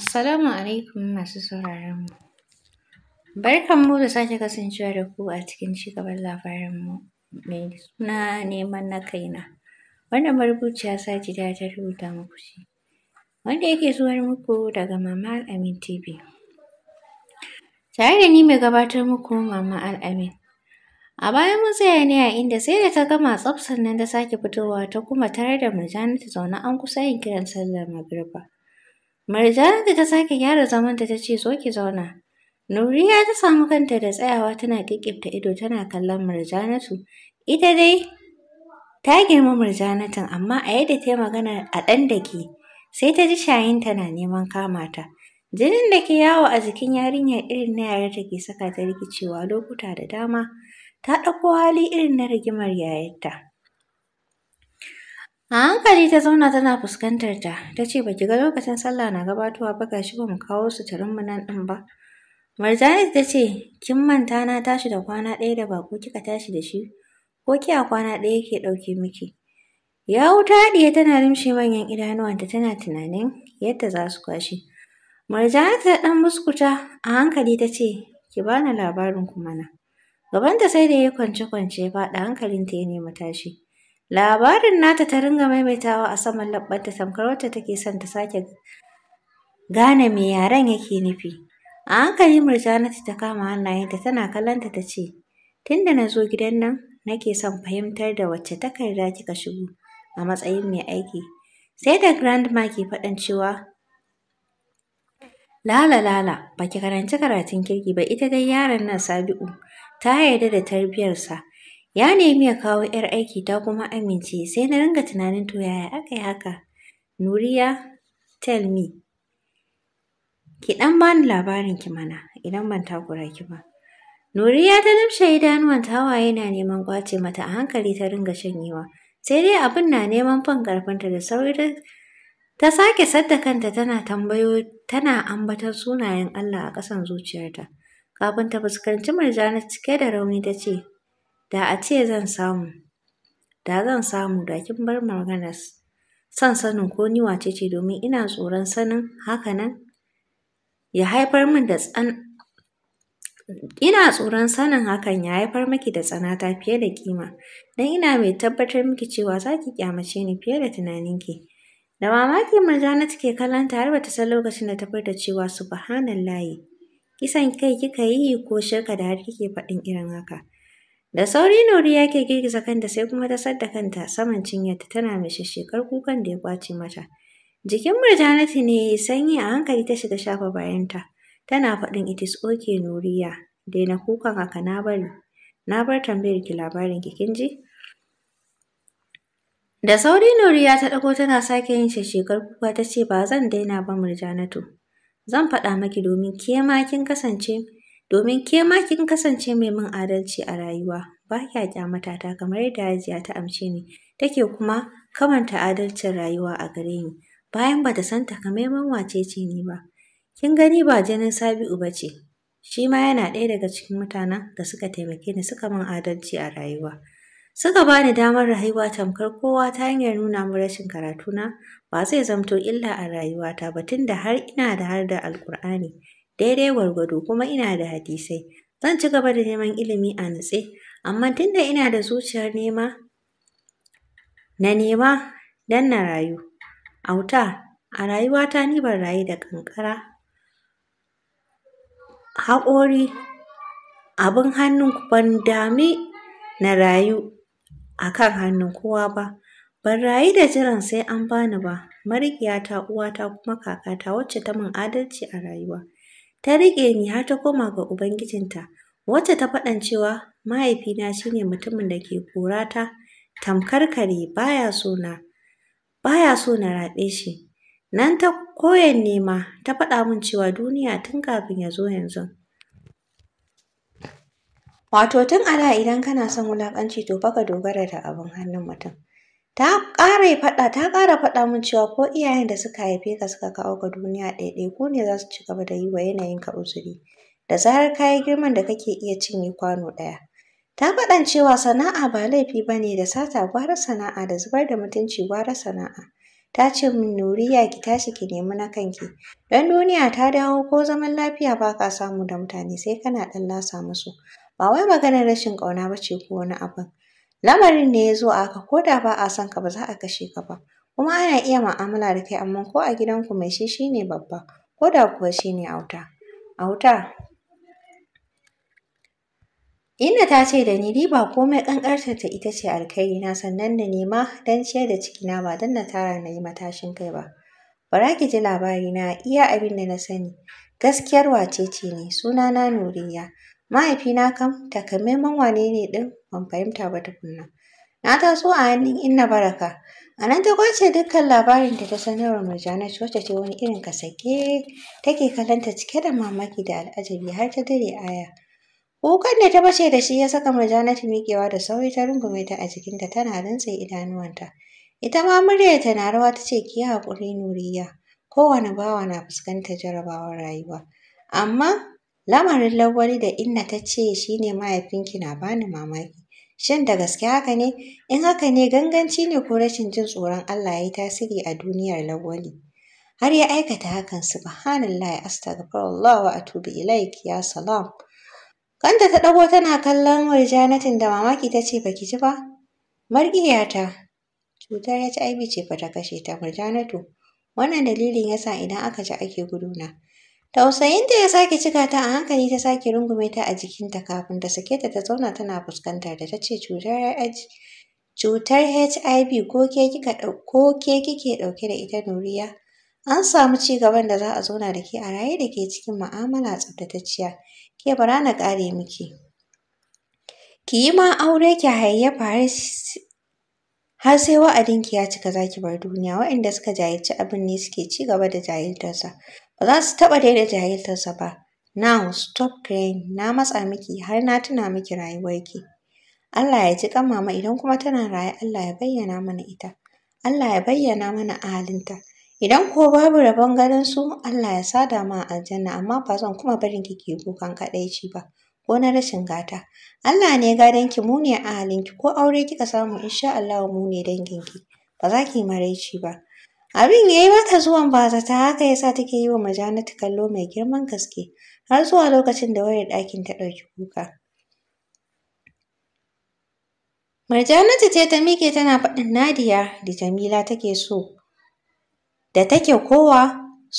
Assalamu alaikum masu sauraron mu. Barkan mu da sake kasancewa da ku a cikin cigaban labarin mu mai suna neman na kaina. Wannan marubuciya Sajida ta rubuta muku shi. Wanda yake zuwar muku daga Mama Al-Amin TV. Tare da ni mai gabatar muku Mama Al-Amin. A bayan mun tsaya ne a inda sai da ta gama tsaf sannan ta sake fitowa ta kuma tare da Murjani ta zaune an kusa yin kiran sallar magriba. Marjana ta sake gyara zamanta ta ce zo ki zauna. Nuriya ta samu kanta da tsayawa tana ƙiƙƙifta ido tana kallon Marjanatu. Ita dai ta girma Marjanatan amma a yadda ta yi magana a ɗan da ke, sai ta ji shayinta na neman kama ta. Jinin da ke yawo a jikin yarinya irin na yare ta ke saka ta rikicewa lokuta da dama ta ɗauko hali irin na rigimar yayarta. A hankali ta zauna tana fuskantar ta, ta ce ba ki ga lokacin sallah na gabatowa ba gashi ba mu kawo suturin mu nan ɗin ba. Marjani ta ce, kin manta na tashi da kwana ɗaya da baƙo kika tashi da shi, ko ki a kwana ɗaya ke ɗauke miki. Ya wuta haɗiye tana rimshe manyan idanuwanta tana tunanin yadda za su kwashe. Marjani ta ɗan muskuta a hankali ta ce, ki bani labarin ku mana. Gabanta sai da ya kwance-kwance ya faɗi hankalinta ya nemi tashi. Labarin nata ta ringa maimaitawa a saman labbanta tamkar wacce take son ta sake gane me yaren yake nufi. A hankali Murjanatu ta kama hannayenta tana kallonta ta ce, Tunda na zo gidan nan, nake son fahimtar da wacce takarda kika shigo a matsayin mai aiki. Sai da grandma ke faɗin cewa, Lala lala, baki karanci karatun kirki ba ita dai yaron nan Sabi'u, ta yarda da tarbiyarsa. Ya nemi ya kawo ‘yar aiki ta kuma amince sai na ringa tunanin to yaya aka yi haka? Nuriya tell me. Ki ɗan bani labarin ki mana idan ban takura ki ba. Nuriya ta idanuwan ta hawaye na neman kwace mata a hankali ta ringa shanyewa. Sai dai abin na neman fan ƙarfinta da sauri ta sake sadda kanta tana tambayo tana ambatar sunayen Allah a ƙasan zuciyarta. Kafin ta fuskanci murjana cike da rauni ta ce, Da a ce zan samu, da zan samu da kin bar maganar son sanin ko ni wace ce domin ina tsoron sanin hakanan ya haifar min da tsan ina tsoron sanin hakan ya haifar miki da tsanata fiye da kima dan ina mai tabbatar miki cewa za ki kyamace ni fiye da tunaninki da mamaki murjana take kallon ta har bata san lokacin da ta furta cewa subhanallahi kisan kai kika yi ko shirka da har kike faɗin irin haka Da sauri noriya ke girgiza kanta sai kuma ta sadda kanta saman cinyarta tana mai shishshekar kukan da ya kwace mata. Jikin Murjanatu ne ya sanyi a hankali ta shiga shafa bayanta. Tana faɗin it is okay Nuriya, daina kukan haka na bari. Na bar tambayar ki labarin ki kin ji? Da sauri Nuriya ta ɗago tana sake yin shishshekar kuka ta ce ba zan daina ba Murjanatu. Zan faɗa maki domin ke ma kin kasance domin ke ma kin kasance mai min adalci a rayuwa ba kya kyamata ta kamar yadda Hajiya ta amshe ni take kuma kamanta adalcin rayuwa a gare ni bayan bata san takamaiman wace ce ni ba kin gani ba jinin Sabi'u bace shi ma yana ɗaya daga cikin mutanen da suka taimake ni suka min adalci a rayuwa suka ba ni damar rayuwa tamkar kowa ta hanyar nuna min rashin karatuna ba zai zamto illa a rayuwata ba tunda har ina da har da alkur'ani daidai gwargwado kuma ina da hadisai. Zan ci gaba da neman ilimi a nutse, amma tunda ina da zuciyar nema, na nema don na rayu. Auta, a rayuwata ni ban rayu da kankara, haƙori, abin hannun ban dami na rayu a kan hannun kowa ba. Ban rayu da jiran sai an bani ba, marigiyata uwata kuma kakata wacce ta min adalci a rayuwa. ta riƙe ni har ta koma ga Ubangijinta, wacce ta faɗan cewa mahaifina shine mutumin da ke ta tamkar kare baya so na baya so na raɓe shi. Nan ta koyan nema ta faɗa min cewa duniya tun kafin ya zo yanzu. Wato tun a da idan kana son wulaƙanci to fa ka dogara da abin hannun mutum. ta ƙara faɗa ta ƙara faɗa min cewa ko iyayen da suka haife ka suka kawo ga duniya ɗaiɗai ku ne za su ci gaba da yi wa yanayin ka uzuri da zarar ka yi girman da kake iya cinye kwano ɗaya ta faɗan cewa sana'a ba laifi ba ne da sata gwara sana'a da zubar da mutunci gwara sana'a ta ce min nuriya ki tashi ki nemi na kanki don duniya ta dawo ko zaman lafiya ba ka samu da mutane sai kana ɗan lasa musu ba wai maganar rashin ƙauna ba ce ko wani abin lamarin ne ya zo a haka ko da ba a son ka ba za a kashe ka ba kuma ana iya mu'amala da kai amma ko a gidanku mai shi shi ne babba ko da kuwa shi ne auta auta Inna ta ce da ni riba komai ƙanƙantar ta ita ce alkhairi na sannan da nema don ciyar da cikina ba don na tara na yi matashin kai ba. Bara ki ji labari na iya abin da na sani. Gaskiyar wacece ne? Suna na Nuriya. Mahaifina kam takamaiman wane ne ɗin ban fahimta ba tukunna. Na taso a hannun Inna Baraka. A nan ta kwace dukkan labarin da ta sanarwar Murjanat wacce ce wani irin kasake take kalanta cike da mamaki da al'ajabi har ta dare aya. Kukan da ta bace da shi ya saka Murjanat miƙewa da sauri ta rungume ta a jikinta tana rantsa idanuwanta. Ita ma muryarta na rawa ta ce ki haƙuri Nuriya. Kowane bawa na fuskantar jarabawar rayuwa. Amma Lamarin Lawwali da Inna ta ce shi ne mahaifinki na bani mamaki. Shin da gaske haka ne? In haka ne ganganci ne ko rashin jin tsoron Allah ya yi tasiri a duniyar Lawwali. Har ya aikata hakan subhanallah astaghfirullah wa atubu ilaik ya salam. Kanta ta ɗago tana kallon Murjanatin da mamaki ta ce baki ji ba? Marƙiyata cutar HIV ce fa ta kashe ta Murjanatu. Wannan dalilin yasa idan aka ji ake guduna. Tausayin da ya sake cika ta a hankali ta sake rungume ta a jikinta kafin ta sake ta ta zauna tana fuskantar da ta ce cutar HIV ko ke kike dauke da ita Nuriya. An samu ci gaban da za a zauna da ke a raye da ke cikin ma'amala tsaftatacciya. Ke bara na kare miki. Ki yi ma aure ki hayyafa har har sai wa'adinki ya cika zaki bar duniya waɗanda suka jahilci abin ne suke ci gaba da jahiltarsa Ba za su taɓa daina jahiltarsa ba. Now stop crying, na matsa miki har na tuna miki rayuwarki. Allah ya ji kan mama idan kuma tana raye Allah ya bayyana mana ita. Allah ya bayyana mana ahalinta. Idan ko babu rabon ganin su Allah ya sada ma aljanna amma ba zan kuma barin ki ki kukan kadaici ba. Ko na rashin gata. Allah ne gadon ki mu ne ahalinki ko aure kika samu insha Allah mu ne danginki. Ba za ki maraici ba. Abin ya yi mata zuwan bazata haka ya sa take yi wa Majanatu kallo mai girman gaske har zuwa lokacin da wayar ɗakin ta ɗauki kuka. Marjanatu ce ta miƙe tana faɗin Nadiya da Jamila take so da take kowa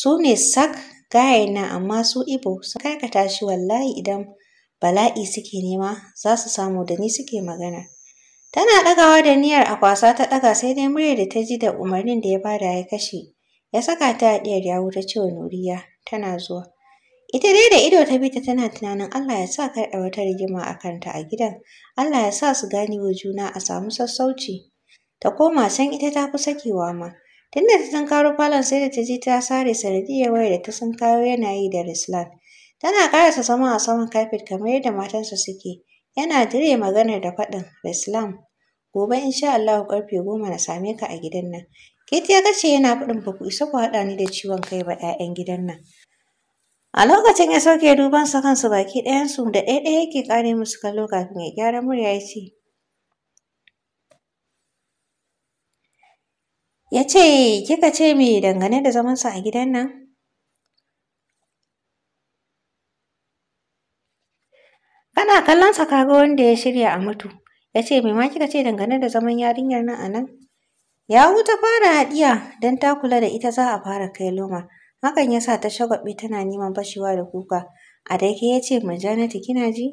su ne sak gaya na amma su Ibo sun karkata shi wallahi idan bala'i suke nema za su samu da ni suke magana. Tana ɗagawa da niyyar a kwasa ta ɗaga sai dai muryar da ta ji da umarnin da ya bada ya kashe. Ya saka ta a ɗiyar ya cewa cewa Nuriya tana zuwa. Ita dai da ido ta bi ta tana tunanin Allah ya sa kar a wata rigima a kanta a gidan. Allah ya sa su gane wa juna a samu sassauci. Ta koma san ita ta fi sakewa ma. Tunda ta tunkaro falon sai da ta ji ta sare sanadiyar wayar da ta san kayo yana yi da Rislan. Tana ƙarasa zama a saman kafet kamar yadda matansa suke. Yana dire maganar da faɗin Islam gobe insha Allah ƙarfe goma na same ka a gidan nan. Keti ya kace yana faɗin ba ku isa ku haɗa ni da ciwon kai ba 'ya'yan gidan nan. A lokacin ya sauke duban sa kansu baki ɗayansu da ɗaya ɗaya yake ƙare musu kallo kafin ya gyara murya ya ce. Ya ce kika ce me dangane da zamansa a gidan nan? Ana kallonsa ka wanda ya shirya a mutu. Ya ce, Mai ma kika ce dangane da zaman yarinyar nan a nan? Yahu ta fara haɗiya don ta kula da ita za a fara kai loma. Hakan ya sa ta shagwaɓe tana neman fashewa da kuka. A daike ya ce, majanati kina ji?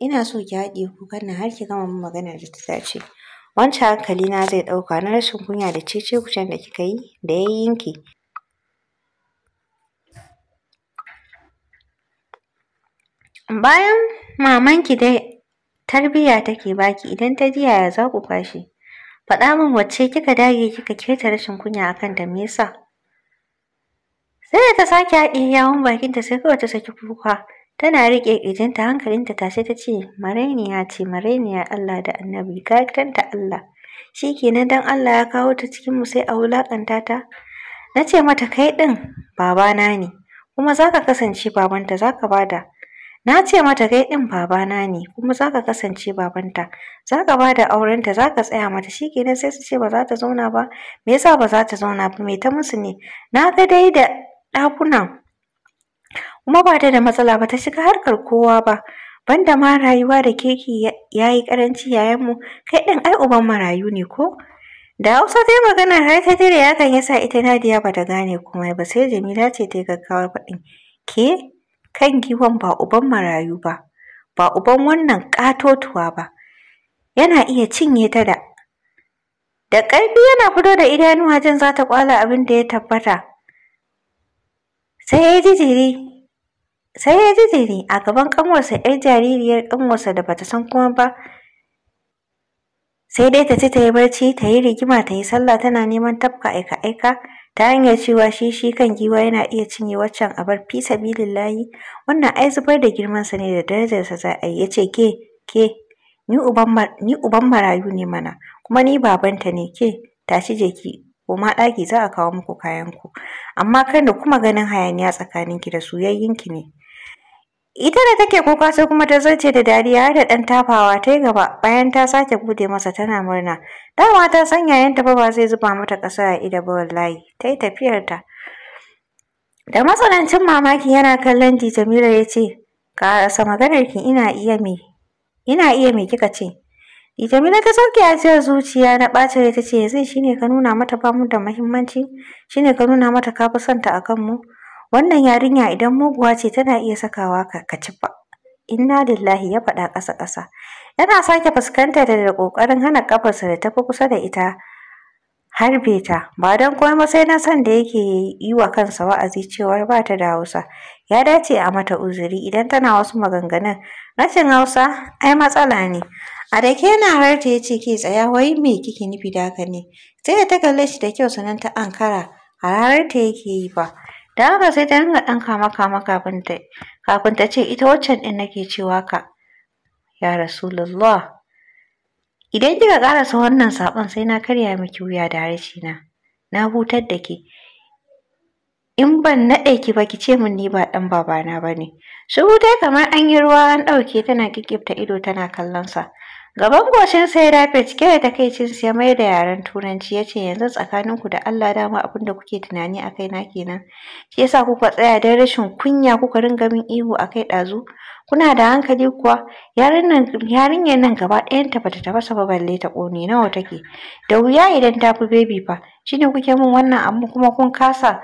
Ina so ki haɗiye kukan na har ki gama min maganar da ta dace. Wancan hankali na zai ɗauka na rashin kunya da cece kucen da kika yi da ya yanke. Bayan Maman ki dai tarbiyya take baki idan ta ji yaya za ku kwashe. Faɗa min wacce kika dage kika keta rashin kunya a da me yasa? Sai da ta sake haɗe yawon bakinta sai kawai ta saki kuka. Tana riƙe ƙirjinta hankalinta tashe ta ce marainiya ce marainiya Allah da annabi gaganta Allah. Shi kenan don Allah ya kawo ta cikinmu sai a wulaƙanta ta. Na ce mata kai ɗin babana ne kuma za ka kasance babanta za ka bada Na ce mata kai ɗin babana ne kuma za ka kasance babanta, za ka ba da aurenta za ka tsaya mata shi kenan sai su ce ba za ta zauna ba, me yasa ba za ta zauna ba me ta musu ne, na ga dai da ɗakuna kuma ba ta da matsala ba ta shiga harkar kowa ba. Banda ma rayuwa da keke ya yi ƙaranci mu, kai ɗin ai uban marayu ne ko? Da Hausa dai magana har ta dire ya ya sa ita Nadiya ba ta gane komai ba sai Jamila ce ta yi gaggawar faɗin. Ke? kan giwan ba uban marayu ba, ba uban wannan ƙatotuwa ba, yana iya cinye ta da. Da ƙarfi yana fito da idanuwa jin za ta ƙwala abin da ya tabbata. Sai ya ji jiri, sai ya ji jiri a gaban ƙanwarsa ‘yar jaririyar ƙanwarsa da bata san kuma ba. Sai dai ta ci ta yi barci, ta yi rigima, ta yi sallah tana neman tafka aika-aika. ta hanyar cewa shi shi kan giwa yana iya cinye waccan abar fi layi, wannan ai zubar da girmansa ne da darajarsa za a yi ya ce ke ke ni uban marayu ne mana kuma ni babanta ne ke tashi ki ko ma ɗaki za a kawo muku kayanku amma kan da kuma ganin hayaniya tsakaninki da soyayyinki ne Ita da take kuka sai kuma ta zarce da dariya har da ɗan tafawa ta yi gaba bayan ta sake bude masa tana murna. Dama ta san yan ta ba zai zuba mata ƙasa a ido ba wallahi. Ta yi tafiyarta. Da matsanancin mamaki yana kallon Di Jamila ya ce, "Ƙarasa maganarki ina iya me, ina iya me kika ce?" Di Jamila ta sauke ajiyar zuciya na ɓacin ta ce, "Yanzu shine ka nuna mata ba mu da muhimmanci, Shine ka nuna mata ka fi son a kanmu." wannan yarinya idan muguwa ce tana iya sakawa ka ka ba. inna lillahi ya faɗa ƙasa ƙasa yana sake fuskantar da ƙoƙarin hana ƙafarsa da tafi kusa da ita harbe ta ba don komai ba sai na san da yake yi wa kansa wa'azi cewar ba ta da hausa ya dace a mata uzuri idan tana wasu maganganun rashin hausa ai matsala ne a da ke yana harta ya ce ke tsaya wai me kike nufi da haka ne sai da ta kalle shi da kyau sannan ta ankara a ranar yake yi ba da haka sai ta dinga ɗan kama kama kafin ta kafin ta ce ita waccan ɗin nake cewa ka ya rasulullah idan kika karasa wannan sabon, sai na karya miki wuya da harshe na na hutar da ke in ban naɗe ki ba ki ce min ni ba ɗan babana ba ne. Su hutai kamar an yi ruwa an ɗauke tana kikifta ido tana kallon sa. gaban goshinsa ya dafe cike da takaicinsa ya mai da yaren turanci ya ce yanzu ku da Allah dama abin da kuke tunani a na kenan shi yasa kuka tsaya don rashin kunya kuka ringa min ihu a kai ɗazu kuna da hankali kuwa yarinyar nan gaba ɗayan ta bata tafasa ba balle ta ƙone nawa take da wuya idan ta fi baby fa shine kuke min wannan amma kuma kun kasa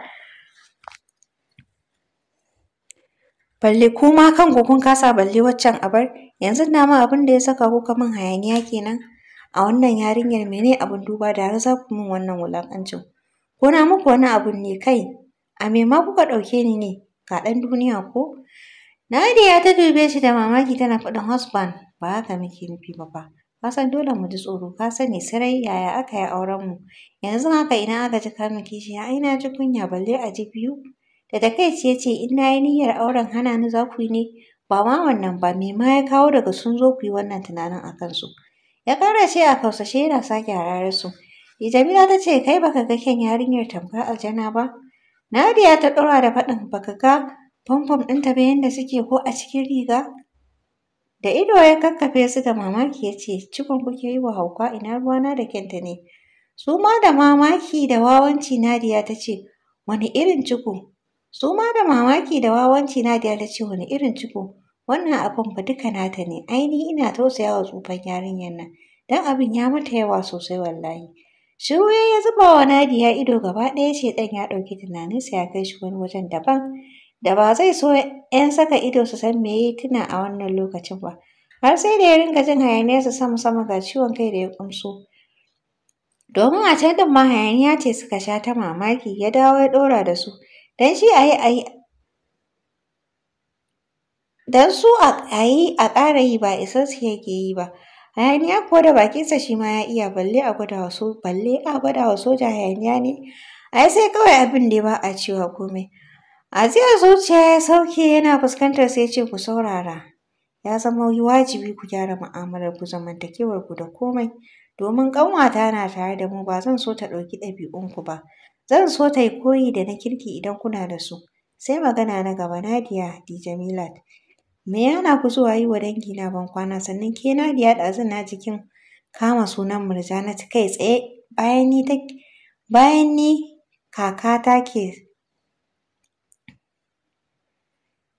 Balle ko ma kanku kun kasa balle waccan abar, yanzu na ma abin da ya saka ku min hayaniya kenan. A wannan yarinyar mene abin duba da har za ku min wannan wulakancin. Ko na muku wani abun ne kai, a me ma kuka ɗauke ni ne, ga ɗan duniya ko? Nadia ta dube shi da mamaki tana faɗin husband, ba haka muke nufi ba fa. Ka san dole mu ji tsoro, ka sani sarai yaya aka yi auren mu. Yanzu haka ina aka ji kamun shi ai na ji kunya balle a ji biyu. Da takaici ya ce in na yi niyyar auren hana ni za ku yi ne ba ma wannan ba me ma ya kawo daga sun zo ku yi wannan tunanin a kansu. Ya kara ce a kausashe yana sake harare su. E, Jamila ta ce kai baka ga kyan yarinyar tamkar aljana ba. Nadiya ta ɗora da faɗin baka ga famfam ɗinta ba yadda suke ko a cikin riga. Da ido ya kakkafe su da mamaki ya ce, Cikon kuke yi wa hauka ina na da kyanta ne. Su ma da mamaki da wawanci Nadiya ta ce, Wani irin ciko? Su ma da mamaki da wawanci na da ce wani irin ciko, wannan abin ba duka nata ne, Aini ina tausaya wa tsufan yarinyar nan, don abin ya mata yawa sosai wallahi. Shiru ya zuba wa Nadiya ido gaba ɗaya ce ɗan ya ɗauki tunaninsa ya kai shi wani wajen daban da ba zai so 'yan saka ido su san me yayi tuna a wannan lokacin ba. Har sai da ya ringa jin hayaniyarsa sama-sama ga ciwon kai da ya ƙumso. Domin a can ɗin ma hayaniya ce suka sha ta mamaki ya dawo ya ɗora da su. don shi a yi a yi don su a yi a ƙara yi ba su yake yi ba hayaniya ko da bakinsa shi ma ya iya balle a gwada wasu balle a gwada wa soja hayaniya ne a sai kawai abin da ba a cewa komai aziyar zuciya ya sauke yana fuskantar sai ce ku saurara ya zama yi wajibi ku gyara mu'amalar ku zamantakewar ku da komai domin ƙanwata na tare da mu ba zan so ta ɗauki ɗabi'unku ba Zan so ta yi koyi da na kirki idan kuna da su. Sai magana na gaba Nadia Di Jamilat. Me ya hana ku zuwa yi wa dangi na ban kwana sannan ke Nadia zan na jikin kama sunan ta kai tsaye bayan ni bayan ni ke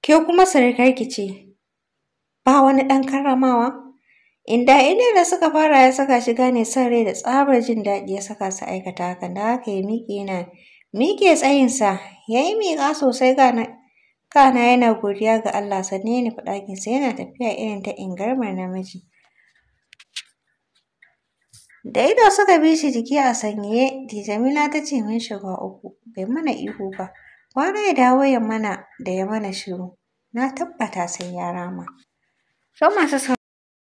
ke kuma ki ce ba wani ɗan karramawa Inda idan da suka fara ya saka shi gane son rai da tsabar jin daɗi ya saka su aikata haka da haka ya miƙe na miƙe tsayinsa ya yi miƙa sosai gana kana yana godiya ga Allah sannan ya nufi ɗakinsa yana tafiya irin ta ingarmar namiji. Da ido suka bi shi jiki a sanyaye, Dijamila ta ce mun shiga uku, bai mana ihu ba, gwara ya dawo ya mana da ya mana shiru, na tabbata sai ya rama.